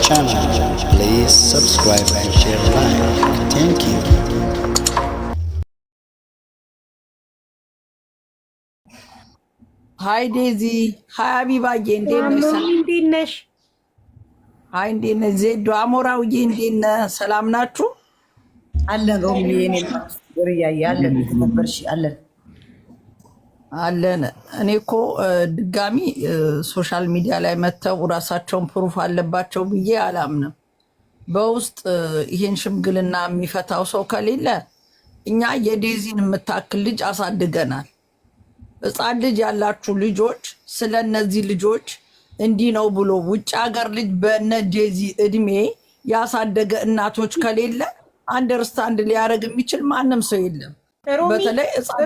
channel. Please subscribe and share like. Thank you. ሀይ ዴዚ፣ ሀይ አቢባዬ፣ እንዴት ነሽ? እንዴት እንዴት ነሽ? ዜዶ አሞራውዬ፣ እንዴት ነህ? ሰላም ናችሁ? አለን ሮሚ፣ እኔ ሪያዬ፣ አለን የተከበርሽ አለን አለን። እኔ እኮ ድጋሚ ሶሻል ሚዲያ ላይ መጥተው ራሳቸውን ፕሩፍ አለባቸው ብዬ አላምንም። በውስጥ ይህን ሽምግልና የሚፈታው ሰው ከሌለ እኛ የዴዚን የምታክል ልጅ አሳድገናል። ሕፃን ልጅ ያላችሁ ልጆች ስለ እነዚህ ልጆች እንዲህ ነው ብሎ ውጭ ሀገር ልጅ በነ ዴዚ እድሜ ያሳደገ እናቶች ከሌለ አንደርስታንድ ሊያደርግ የሚችል ማንም ሰው የለም።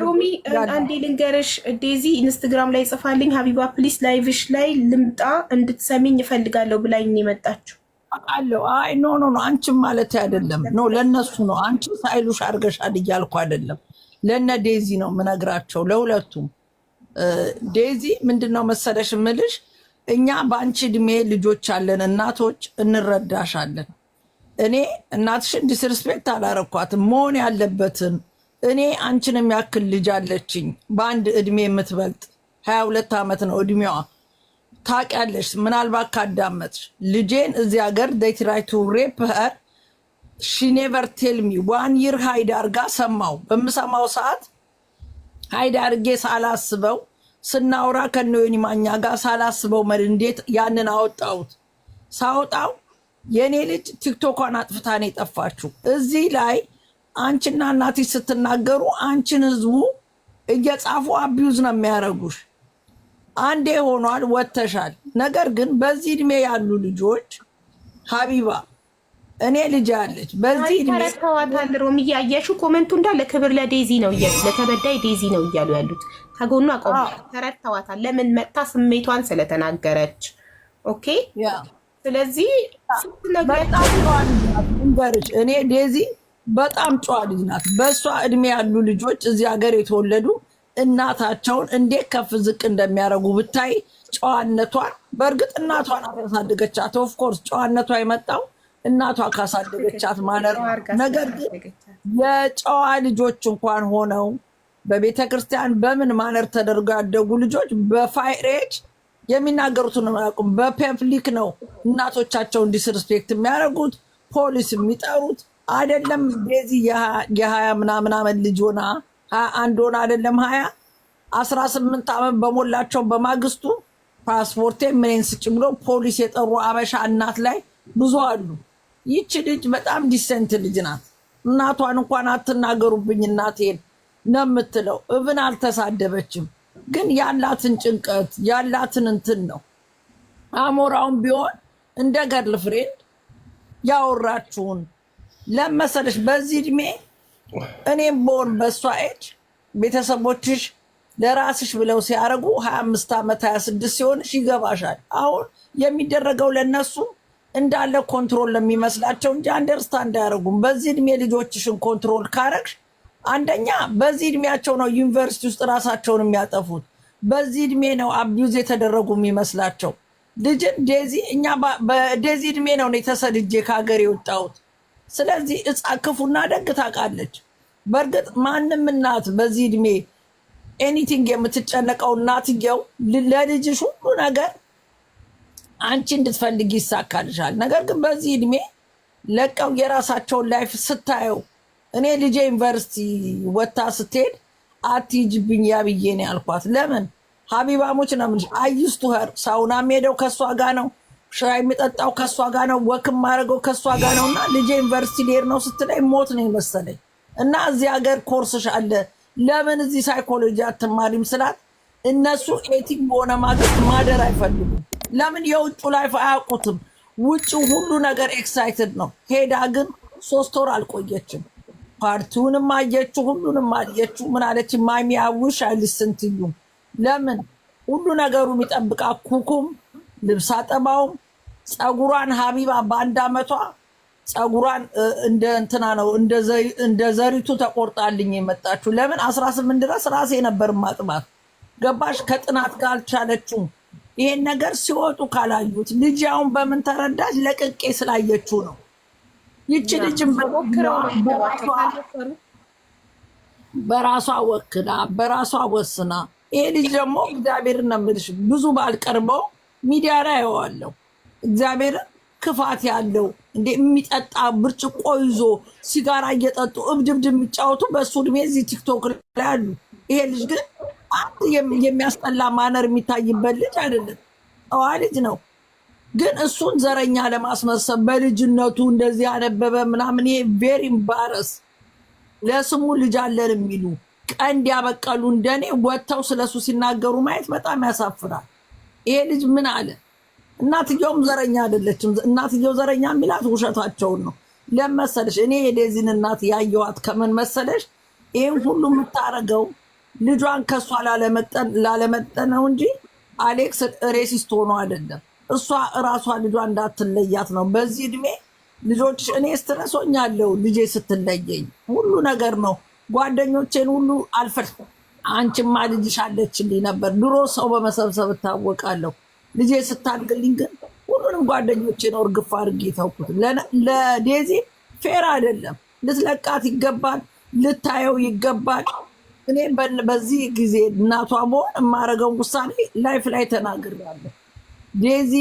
ሮሚ አንዴ ልንገርሽ፣ ዴዚ ኢንስትግራም ላይ ጽፋልኝ ሀቢባ ፕሊስ ላይቭሽ ላይ ልምጣ እንድትሰሚኝ እፈልጋለሁ ብላኝ የመጣችው አለው። አይ ኖ ኖ ኖ አንቺም ማለት አይደለም ኖ ነው። አንቺ ሳይሉሽ አድርገሻል እያልኩ አይደለም፣ ዴዚ ነው የምነግራቸው ለሁለቱም። ዴዚ ምንድን ነው መሰለሽ ምልሽ፣ እኛ በአንቺ እድሜ ልጆች አለን፣ እናቶች እንረዳሻለን። እኔ እናትሽን ዲስርስፔክት አላረኳትም መሆን ያለበትን እኔ አንቺን የሚያክል ልጅ አለችኝ፣ በአንድ እድሜ የምትበልጥ ሀያ ሁለት ዓመት ነው እድሜዋ። ታውቂያለሽ፣ ምናልባት ካዳመጥሽ ልጄን እዚህ ሀገር ዴትራይ ቱ ሬፕ ሄር ሺ ኔቨር ቴል ሚ ዋን ይር ሀይድ አርጋ ሰማው። በምሰማው ሰዓት ሀይድ አርጌ ሳላስበው ስናውራ ከነወኒ ማኛ ጋር ሳላስበው መድ እንዴት ያንን አወጣሁት። ሳወጣው የእኔ ልጅ ቲክቶኳን አጥፍታን የጠፋችው እዚህ ላይ አንቺና እናትሽ ስትናገሩ አንቺን ህዝቡ እየጻፉ አቢዩዝ ነው የሚያደርጉሽ። አንዴ ሆኗል፣ ወጥተሻል። ነገር ግን በዚህ እድሜ ያሉ ልጆች ሀቢባ እኔ ልጅ አለች በዚህ እድሜ ተረከዋታንድሮም እያየሹ ኮመንቱ እንዳለ ክብር ለዴዚ ነው እያሉ ለተበዳይ ዴዚ ነው እያሉ ያሉት ከጎኑ አቆም ተረድተዋታል። ለምን መጣ? ስሜቷን ስለተናገረች። ኦኬ ስለዚህ በጣም እኔ ዴዚ በጣም ጨዋ ልጅ ናት። በእሷ እድሜ ያሉ ልጆች እዚህ ሀገር የተወለዱ እናታቸውን እንዴት ከፍ ዝቅ እንደሚያደርጉ ብታይ ጨዋነቷን። በእርግጥ እናቷ ናት ያሳደገቻት። ኦፍኮርስ ጨዋነቷ የመጣው እናቷ ካሳደገቻት ማለት ነው። ነገር ግን የጨዋ ልጆች እንኳን ሆነው በቤተ ክርስቲያን በምን ማነር ተደርገው ያደጉ ልጆች በፋይሬጅ የሚናገሩትን አያውቁም። በፐብሊክ ነው እናቶቻቸውን ዲስርስፔክት የሚያደርጉት ፖሊስ የሚጠሩት አይደለም እንደዚህ የሀያ ምናምን አመት ልጅ ሆና ሀያ አንድ ሆና አይደለም ሀያ አስራ ስምንት አመት በሞላቸው በማግስቱ ፓስፖርቴ ምንን ስጭ ብሎ ፖሊስ የጠሩ አበሻ እናት ላይ ብዙ አሉ። ይቺ ልጅ በጣም ዲሰንት ልጅ ናት። እናቷን እንኳን አትናገሩብኝ እናቴን ነው የምትለው። እብን አልተሳደበችም፣ ግን ያላትን ጭንቀት ያላትን እንትን ነው። አሞራውን ቢሆን እንደ ገርል ፍሬንድ ያወራችሁን ለመሰለሽ በዚህ እድሜ እኔም በሆን በእሷ ኤጅ ቤተሰቦችሽ ለራስሽ ብለው ሲያደርጉ ሀያ አምስት ዓመት ሀያ ስድስት ሲሆንሽ ይገባሻል። አሁን የሚደረገው ለነሱ እንዳለ ኮንትሮል ለሚመስላቸው እንጂ አንደርስታንድ አያደርጉም። በዚህ እድሜ ልጆችሽን ኮንትሮል ካረግሽ አንደኛ በዚህ እድሜያቸው ነው ዩኒቨርሲቲ ውስጥ ራሳቸውን የሚያጠፉት። በዚህ እድሜ ነው አቢዩዝ የተደረጉ የሚመስላቸው ልጅን ዴዚ እኛ በዴዚ እድሜ ነው የተሰድጄ ከሀገር የወጣሁት ስለዚህ እጻ ክፉና ደግ ታውቃለች። በእርግጥ ማንም እናት በዚህ እድሜ ኤኒቲንግ የምትጨነቀው እናትየው ለልጅሽ ሁሉ ነገር አንቺ እንድትፈልግ ይሳካልሻል። ነገር ግን በዚህ እድሜ ለቀው የራሳቸውን ላይፍ ስታየው እኔ ልጄ ዩኒቨርሲቲ ወታ ስትሄድ አትሂጂብኝ ብዬ ነው ያልኳት። ለምን ሀቢባሞች ነው የምልሽ። አይስቱ ኸር ሳውናም ሄደው ከእሷ ጋር ነው ሽራ የሚጠጣው ከእሷ ጋር ነው፣ ወክ የማደርገው ከእሷ ጋር ነው። እና ልጄ ዩኒቨርሲቲ ልሄድ ነው ስትለኝ ሞት ነው የመሰለኝ። እና እዚህ ሀገር ኮርስሽ አለ ለምን እዚህ ሳይኮሎጂ አትማሪም ስላት እነሱ ኤቲክ በሆነ ማግስት ማደር አይፈልጉም። ለምን የውጭ ላይፍ አያውቁትም። ውጭ ሁሉ ነገር ኤክሳይትድ ነው። ሄዳ ግን ሶስት ወር አልቆየችም። ፓርቲውንም አየችው፣ ሁሉንም አየችው። ምን አለች? ማሚያውሽ አይልስንትዩ ለምን ሁሉ ነገሩ የሚጠብቃ ኩኩም ልብስ አጠባውም ፀጉሯን ሀቢባ በአንድ አመቷ ፀጉሯን እንደ እንትና ነው እንደ ዘሪቱ ተቆርጣልኝ የመጣችሁ ለምን አስራ ስምንት ድረስ ራሴ ነበር ማጥባት። ገባሽ? ከጥናት ጋር አልቻለችውም። ይሄን ነገር ሲወጡ ካላዩት ልጅ አሁን በምን ተረዳች? ለቅቄ ስላየችው ነው። ይቺ ልጅም በራሷ ወክላ በራሷ ወስና ይሄ ልጅ ደግሞ እግዚአብሔር ነው የምልሽ ብዙ ባልቀርበው ሚዲያ ላይ አየዋለሁ። እግዚአብሔር ክፋት ያለው እንደ የሚጠጣ ብርጭቆ ይዞ ሲጋራ እየጠጡ እብድብድ የሚጫወቱ በእሱ እድሜ እዚህ ቲክቶክ ላይ አሉ። ይሄ ልጅ ግን አንድ የሚያስጠላ ማነር የሚታይበት ልጅ አይደለም፣ ጠዋ ልጅ ነው። ግን እሱን ዘረኛ ለማስመሰብ በልጅነቱ እንደዚህ ያነበበ ምናምን፣ ይሄ ቬሪ ኢምባረስ ለስሙ ልጅ አለን የሚሉ ቀንድ ያበቀሉ እንደኔ ወጥተው ስለሱ ሲናገሩ ማየት በጣም ያሳፍራል። ይሄ ልጅ ምን አለ? እናትየውም ዘረኛ አይደለችም። እናትየው ዘረኛ የሚላት ውሸታቸውን ነው። ለመሰለሽ እኔ የዴዚን እናት ያየዋት ከምን መሰለሽ? ይህን ሁሉ የምታረገው ልጇን ከእሷ ላለመጠን ነው እንጂ አሌክስ ሬሲስት ሆኖ አይደለም። እሷ እራሷ ልጇ እንዳትለያት ነው። በዚህ እድሜ ልጆች እኔ ስትረሶኛለው ልጄ ስትለየኝ ሁሉ ነገር ነው። ጓደኞቼን ሁሉ አልፈልኩም አንቺማ ልጅሽ አለችልኝ ነበር። ድሮ ሰው በመሰብሰብ እታወቃለሁ። ልጄ ስታድግልኝ ግን ሁሉንም ጓደኞች ነው እርግፍ አድርጌ ተውኩት። ለዴዚ ፌር አይደለም። ልትለቃት ይገባል፣ ልታየው ይገባል። እኔ በዚህ ጊዜ እናቷ መሆን የማደርገውን ውሳኔ ላይፍ ላይ ተናግሬያለሁ። ዴዚ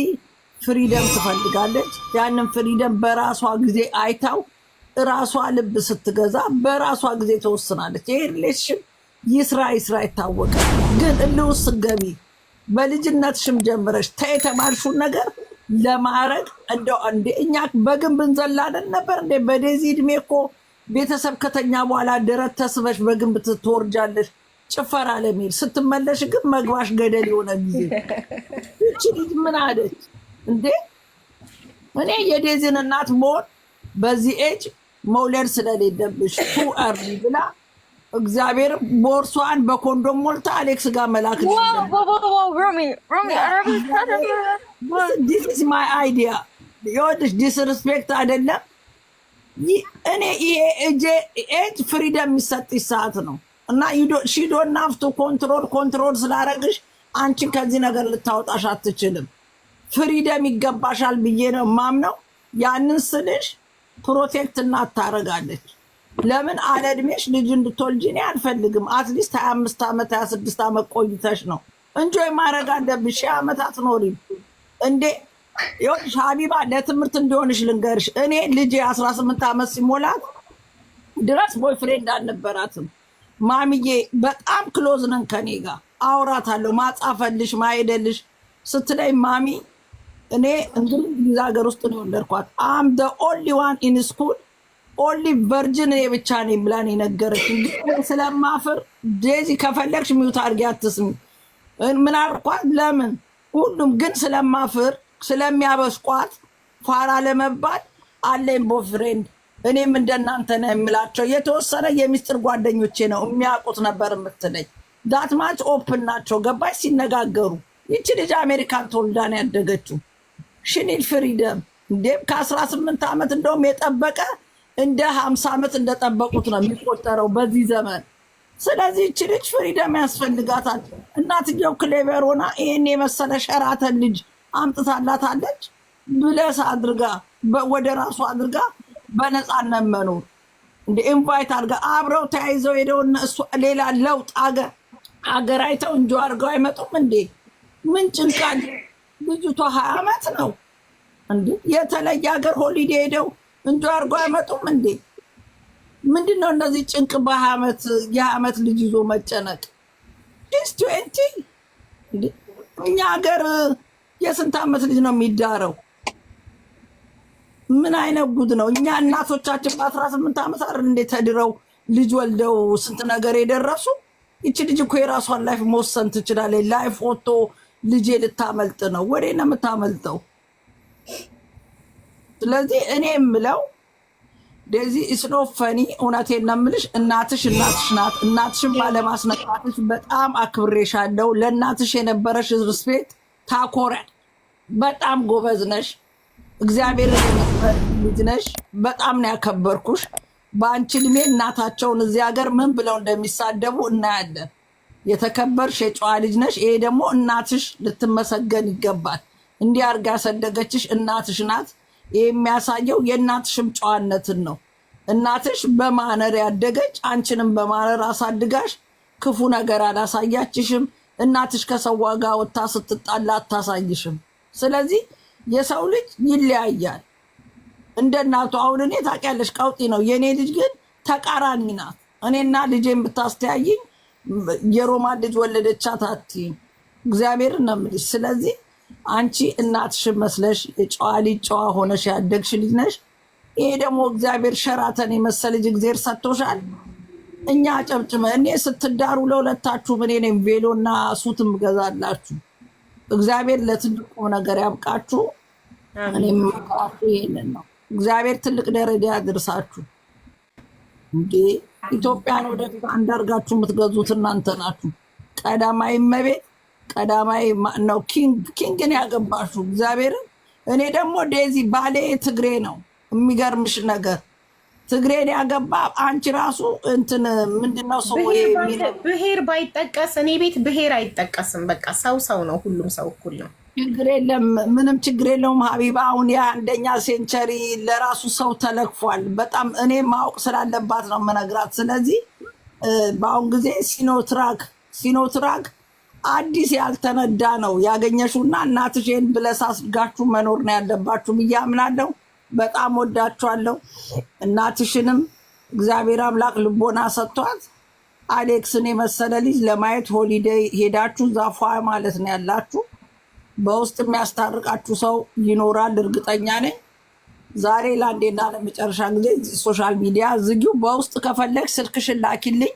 ፍሪደም ትፈልጋለች። ያንን ፍሪደም በራሷ ጊዜ አይታው ራሷ ልብ ስትገዛ በራሷ ጊዜ ትወስናለች። ይሄ ሪሌሽን ይስራ ይስራ ይታወቀ። ግን እልውስ ገቢ በልጅነትሽም ጀምረሽ ተየተባልሹን ነገር ለማረግ እንደው እንደ እኛ በግንብ እንዘላለን ነበር እንዴ? በዴዚ እድሜ እኮ ቤተሰብ ከተኛ በኋላ ደረት ተስበሽ በግንብ ትወርጃለሽ፣ ጭፈራ ለሚል ስትመለሽ ግን መግባሽ ገደል የሆነ ጊዜ እቺ ልጅ ምን አለች እንዴ? እኔ የዴዚን እናት መሆን በዚህ ኤጅ መውለድ ስለሌለብሽ ቱ አርሊ ብላ እግዚአብሔር ቦርሷን በኮንዶም ሞልታ አሌክስ ጋር መላክ ዲስ ማይ አይዲያ። ይኸውልሽ ዲስሪስፔክት አይደለም። እኔ ይሄ እጄ ኤጅ ፍሪደም የሚሰጥሽ ሰዓት ነው እና ሺ ዶንት ሃቭ ቱ ኮንትሮል ኮንትሮል ስላረግሽ አንቺን ከዚህ ነገር ልታወጣሽ አትችልም። ፍሪደም ይገባሻል ብዬ ነው ማምነው። ያንን ስልሽ ፕሮቴክት እናታረጋለች ለምን አለ እድሜሽ ልጅ እንድትወልጂ እኔ አልፈልግም። አትሊስት ሀያ አምስት ዓመት ሀያ ስድስት ዓመት ቆይተሽ ነው እንጆይ ማድረግ አለብሽ። ሺህ ዓመታት ኖሪ እንዴ? ይኸውልሽ ሀቢባ ለትምህርት እንዲሆንሽ ልንገርሽ። እኔ ልጅ አስራ ስምንት ዓመት ሲሞላት ድረስ ቦይፍሬንድ አልነበራትም። ማሚዬ በጣም ክሎዝ ነን ከኔ ጋር አውራታለሁ። ማጻፈልሽ ማሄደልሽ ስትለይ ማሚ እኔ እንግዲህ ሀገር ውስጥ ነው ወለድኳት። አም ኦንሊ ዋን ኢን ስኩል ኦንሊ ቨርጅን እኔ ብቻ ነኝ ብላን የነገረችኝ ስለማፍር፣ ዴዚ ከፈለግሽ ሚውት አድርጊ አትስሚ ምናርኳት ለምን ሁሉም ግን ስለማፍር ስለሚያበስቋት ፋራ ለመባል አለኝ ቦፍሬንድ። እኔም እንደናንተ ነው የምላቸው። የተወሰነ የሚስጥር ጓደኞቼ ነው የሚያውቁት ነበር የምትለኝ። ዳትማች ኦፕን ናቸው ገባሽ ሲነጋገሩ። ይቺ ልጅ አሜሪካን ተወልዳ ነው ያደገችው። ሽኒል ፍሪደም እንዴም ከአስራ ስምንት ዓመት እንደውም የጠበቀ እንደ ሀምሳ ዓመት እንደጠበቁት ነው የሚቆጠረው በዚህ ዘመን። ስለዚህ እች ልጅ ፍሪደም ያስፈልጋታል። እናትየው ክሌቨር ሆና ይህን የመሰለ ሸራተን ልጅ አምጥታላታለች። ብለስ አድርጋ ወደ ራሱ አድርጋ በነፃነት መኖር እንደ ኢንቫይት አድርጋ አብረው ተያይዘው ሄደው እነሱ ሌላ ለውጥ ሀገር አይተው እንጆ አድርገው አይመጡም እንዴ? ምን ጭንቃል? ልጅቷ ሀያ ዓመት ነው እንዴ? የተለየ ሀገር ሆሊዴ ሄደው እንዲ አድርጎ አይመጡም እንዴ? ምንድን ነው እነዚህ ጭንቅ በአመት የአመት ልጅ ይዞ መጨነቅ? ዲስ እኛ ሀገር የስንት አመት ልጅ ነው የሚዳረው? ምን አይነት ጉድ ነው? እኛ እናቶቻችን በአስራ ስምንት ዓመት አር እንዴ ተድረው ልጅ ወልደው ስንት ነገር የደረሱ። ይቺ ልጅ እኮ የራሷን ላይፍ መወሰን ትችላለች። ላይፍ ወጥቶ ልጄ ልታመልጥ ነው። ወዴ ነው የምታመልጠው? ስለዚህ እኔ የምለው ዴዚ ኢስኖ ፈኒ እውነቴን ነው የምልሽ። እናትሽ እናትሽ ናት። እናትሽን ባለማስነቃትሽ በጣም አክብሬሻለሁ። ለእናትሽ የነበረሽ ርስፔት ታኮረ። በጣም ጎበዝ ነሽ። እግዚአብሔር ልጅ ነሽ። በጣም ነው ያከበርኩሽ። በአንቺ ልሜ እናታቸውን እዚህ ሀገር ምን ብለው እንደሚሳደቡ እናያለን። የተከበርሽ የጨዋ ልጅ ነሽ። ይሄ ደግሞ እናትሽ ልትመሰገን ይገባል። እንዲህ አድርጋ ያሰደገችሽ እናትሽ ናት። የሚያሳየው የእናትሽም ጨዋነትን ነው። እናትሽ በማነር ያደገች አንቺንም በማነር አሳድጋሽ ክፉ ነገር አላሳያችሽም። እናትሽ ከሰው ጋር ወታ ስትጣላ አታሳይሽም። ስለዚህ የሰው ልጅ ይለያያል እንደ እናቱ። አሁን እኔ ታውቂያለሽ ቀውጢ ነው የእኔ ልጅ ግን ተቃራኒ ናት። እኔና ልጄን ብታስተያይኝ የሮማ ልጅ ወለደቻት አትይኝ። እግዚአብሔር ነው የምልሽ። ስለዚህ አንቺ እናትሽ መስለሽ የጨዋ ልጅ ጨዋ ሆነሽ ያደግሽ ልጅ ነሽ። ይሄ ደግሞ እግዚአብሔር ሸራተን የመሰል ልጅ እግዜር ሰጥቶሻል። እኛ ጨብጭመ እኔ ስትዳሩ ለሁለታችሁ እኔ ነኝ ቬሎና ሱትም ገዛላችሁ። እግዚአብሔር ለትልቁ ነገር ያብቃችሁ። እኔም ይሄንን ነው። እግዚአብሔር ትልቅ ደረጃ ያድርሳችሁ። እንዴ ኢትዮጵያን ወደፊት አንዳርጋችሁ የምትገዙት እናንተ ናችሁ። ቀዳማዊ እመቤት ቀዳማዊ ነው ኪንግን ያገባሹ እግዚአብሔርን። እኔ ደግሞ ዴዚ ባሌ ትግሬ ነው። የሚገርምሽ ነገር ትግሬን ያገባ አንቺ ራሱ እንትን ምንድነው ሰው ብሄር ባይጠቀስ እኔ ቤት ብሄር አይጠቀስም። በቃ ሰው ሰው ነው፣ ሁሉም ሰው እኩል ነው። ችግር የለም፣ ምንም ችግር የለውም። ሀቢባ አሁን የአንደኛ ሴንቸሪ ለራሱ ሰው ተለክፏል። በጣም እኔ ማወቅ ስላለባት ነው መነግራት። ስለዚህ በአሁን ጊዜ ሲኖትራክ ሲኖትራክ አዲስ ያልተነዳ ነው ያገኘሽውና እናትሽን ብለስ አስጋችሁ መኖር ነው ያለባችሁ ብዬ አምናለሁ። በጣም ወዳችኋለሁ። እናትሽንም እግዚአብሔር አምላክ ልቦና ሰጥቷት አሌክስን የመሰለ ልጅ ለማየት ሆሊዴይ ሄዳችሁ ዛፏ ማለት ነው ያላችሁ። በውስጥ የሚያስታርቃችሁ ሰው ይኖራል እርግጠኛ ነኝ። ዛሬ ለአንዴና ለመጨረሻ ጊዜ ሶሻል ሚዲያ ዝጊው። በውስጥ ከፈለግ ስልክሽን ላኪልኝ።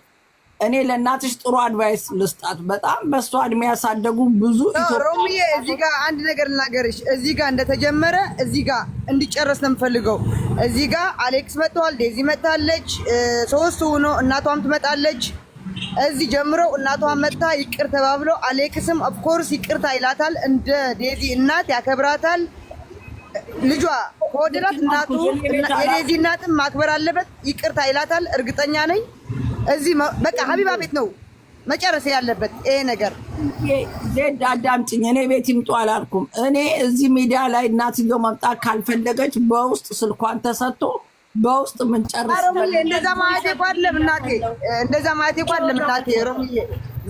እኔ ለእናትሽ ጥሩ አድቫይስ ልስጣት። በጣም በእሷ እድሜ ያሳደጉ ብዙ ሮሚዬ፣ እዚህ ጋ አንድ ነገር ልናገርሽ። እዚህ ጋ እንደተጀመረ እዚህ ጋ እንዲጨረስ ነው የምፈልገው። እዚህ ጋ አሌክስ መጥተዋል፣ ዴዚ መጥታለች፣ ሶስት ሆኖ እናቷም ትመጣለች። እዚህ ጀምሮ እናቷ መጥታ ይቅር ተባብሎ አሌክስም ኦፍኮርስ ይቅርታ ይላታል። እንደ ዴዚ እናት ያከብራታል። ልጇ ከወደዳት እናቱ የዴዚ እናትም ማክበር አለበት። ይቅርታ ይላታል። እርግጠኛ ነኝ እዚህ በቃ ሀቢባ ቤት ነው መጨረስ ያለበት ይሄ ነገር። ዜድ አዳምጭኝ፣ እኔ ቤት ይምጡ አላልኩም። እኔ እዚህ ሚዲያ ላይ እናትየው መምጣት ካልፈለገች በውስጥ ስልኳን ተሰጥቶ በውስጥ የምንጨርስ እንደዛ ማለት እኮ አይደለም እናቴ፣ እንደዛ ማለት እኮ አይደለም እናቴ፣ ሮምዬ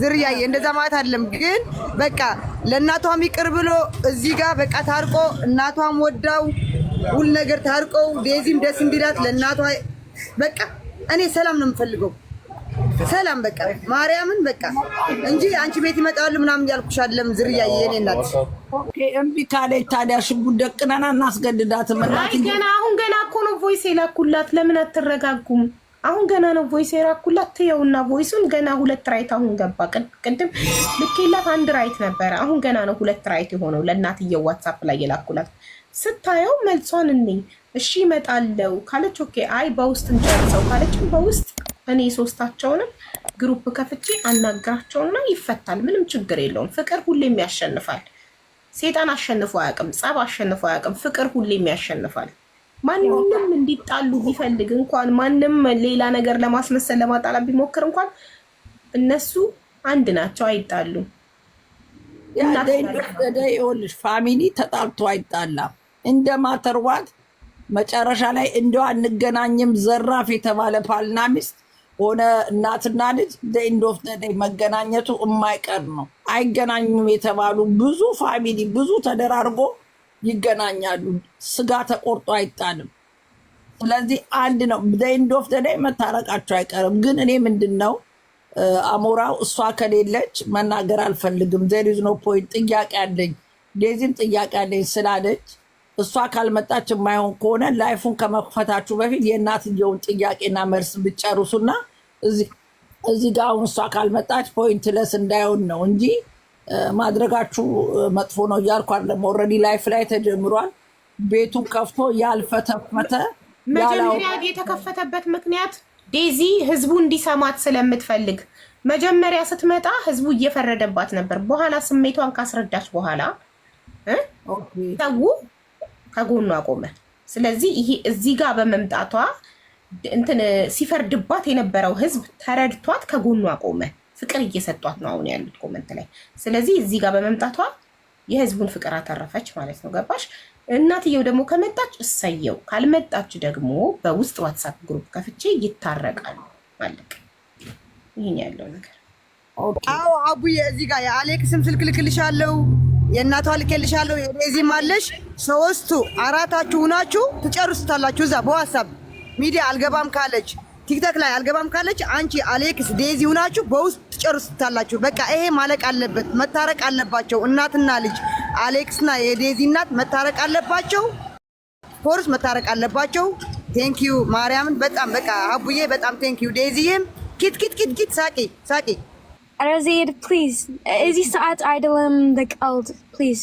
ዝርያዬ፣ እንደዛ ማለት አይደለም። ግን በቃ ለእናቷም ይቅር ብሎ እዚህ ጋር በቃ ታርቆ እናቷም ወዳው ሁል ነገር ታርቀው ዴዚም ደስ እንዲላት ለእናቷ በቃ እኔ ሰላም ነው የምፈልገው። ሰላም በቃ ማርያምን በቃ እንጂ አንቺ ቤት ይመጣሉ ምናምን ያልኩሽ አለም ዝርያ የኔ እናት እምቢ ካለች ታዲያ ሽጉጥ ደቅነና እናስገድዳትም። ገና አሁን ገና እኮ ነው ቮይስ የላኩላት። ለምን አትረጋጉም? አሁን ገና ነው ቮይስ የላኩላት። ትየውና ቮይሱን ገና ሁለት ራይት አሁን ገባ። ቅድም ልኬላት አንድ ራይት ነበረ። አሁን ገና ነው ሁለት ራይት የሆነው። ለእናትየው ዋትሳፕ ላይ የላኩላት ስታየው መልሷን እኔ እሺ ይመጣለው ካለች ኦኬ፣ አይ በውስጥ እንጨርሰው ካለችም በውስጥ እኔ ሶስታቸውንም ግሩፕ ከፍቼ አናግራቸውና ይፈታል። ምንም ችግር የለውም። ፍቅር ሁሌም ያሸንፋል። ሴጣን አሸንፎ አያውቅም። ጸብ አሸንፎ አያውቅም። ፍቅር ሁሌም ያሸንፋል። ማንም እንዲጣሉ ቢፈልግ እንኳን ማንም ሌላ ነገር ለማስመሰል ለማጣላ ቢሞክር እንኳን እነሱ አንድ ናቸው፣ አይጣሉም። ይኸውልሽ ፋሚሊ ተጣልቶ አይጣላም። እንደ ማተርዋት መጨረሻ ላይ እንደው አንገናኝም ዘራፍ የተባለ ባልና ሚስት ሆነ እናትና ልጅ ኢንዶፍ መገናኘቱ የማይቀር ነው። አይገናኙም የተባሉ ብዙ ፋሚሊ ብዙ ተደራርጎ ይገናኛሉ። ስጋ ተቆርጦ አይጣልም። ስለዚህ አንድ ነው። ኢንዶፍ መታረቃቸው አይቀርም። ግን እኔ ምንድን ነው አሞራው እሷ ከሌለች መናገር አልፈልግም። ዘሪዝ ኖ ፖይንት ጥያቄ አለኝ ዴዚም ጥያቄ አለኝ ስላለች እሷ ካልመጣች የማይሆን ከሆነ ላይፉን ከመክፈታችሁ በፊት የእናትየውን ጥያቄና መልስ ብጨርሱና እዚህ ጋር አሁን እሷ ካልመጣች ፖይንት ለስ እንዳይሆን ነው እንጂ ማድረጋችሁ መጥፎ ነው እያልኳል። ደግሞ ኦልሬዲ ላይፍ ላይ ተጀምሯል። ቤቱን ከፍቶ ያልፈተፈተ መጀመሪያ የተከፈተበት ምክንያት ዴዚ ህዝቡ እንዲሰማት ስለምትፈልግ መጀመሪያ ስትመጣ ህዝቡ እየፈረደባት ነበር። በኋላ ስሜቷን ካስረዳች በኋላ ሰው ከጎኗ ቆመ። ስለዚህ ይሄ እዚህ ጋር በመምጣቷ እንትን ሲፈርድባት የነበረው ህዝብ ተረድቷት ከጎኗ ቆመ። ፍቅር እየሰጧት ነው አሁን ያሉት ኮመንት ላይ። ስለዚህ እዚህ ጋር በመምጣቷ የህዝቡን ፍቅር አተረፈች ማለት ነው። ገባሽ? እናትየው ደግሞ ከመጣች እሰየው፣ ካልመጣች ደግሞ በውስጥ ዋትሳፕ ግሩፕ ከፍቼ ይታረቃሉ ማለት ይህን ያለው ነገር። አዎ አቡዬ፣ እዚህ ጋር የአሌክስም ስልክ ልክልሻለው፣ የእናቷ ልክልሻለው፣ የሬዚም አለሽ። ሶስቱ አራታችሁ ሁናችሁ ትጨርሱታላችሁ እዛ በዋትሳፕ ሚዲያ አልገባም ካለች ቲክቶክ ላይ አልገባም ካለች አንቺ አሌክስ ዴዚ ሁናችሁ በውስጥ ትጨርሱታላችሁ። በቃ ይሄ ማለቅ አለበት። መታረቅ አለባቸው እናትና ልጅ አሌክስና የዴዚ እናት መታረቅ አለባቸው። ፖርስ መታረቅ አለባቸው። ቴንኪዩ ማርያምን በጣም በቃ አቡዬ በጣም ቴንኪዩ። ዴዚዬም ኪት ኪት ኪት ኪት ሳቂ ሳቂ። ረዚድ ፕሊዝ፣ እዚህ ሰዓት አይደለም በቀልድ ፕሊዝ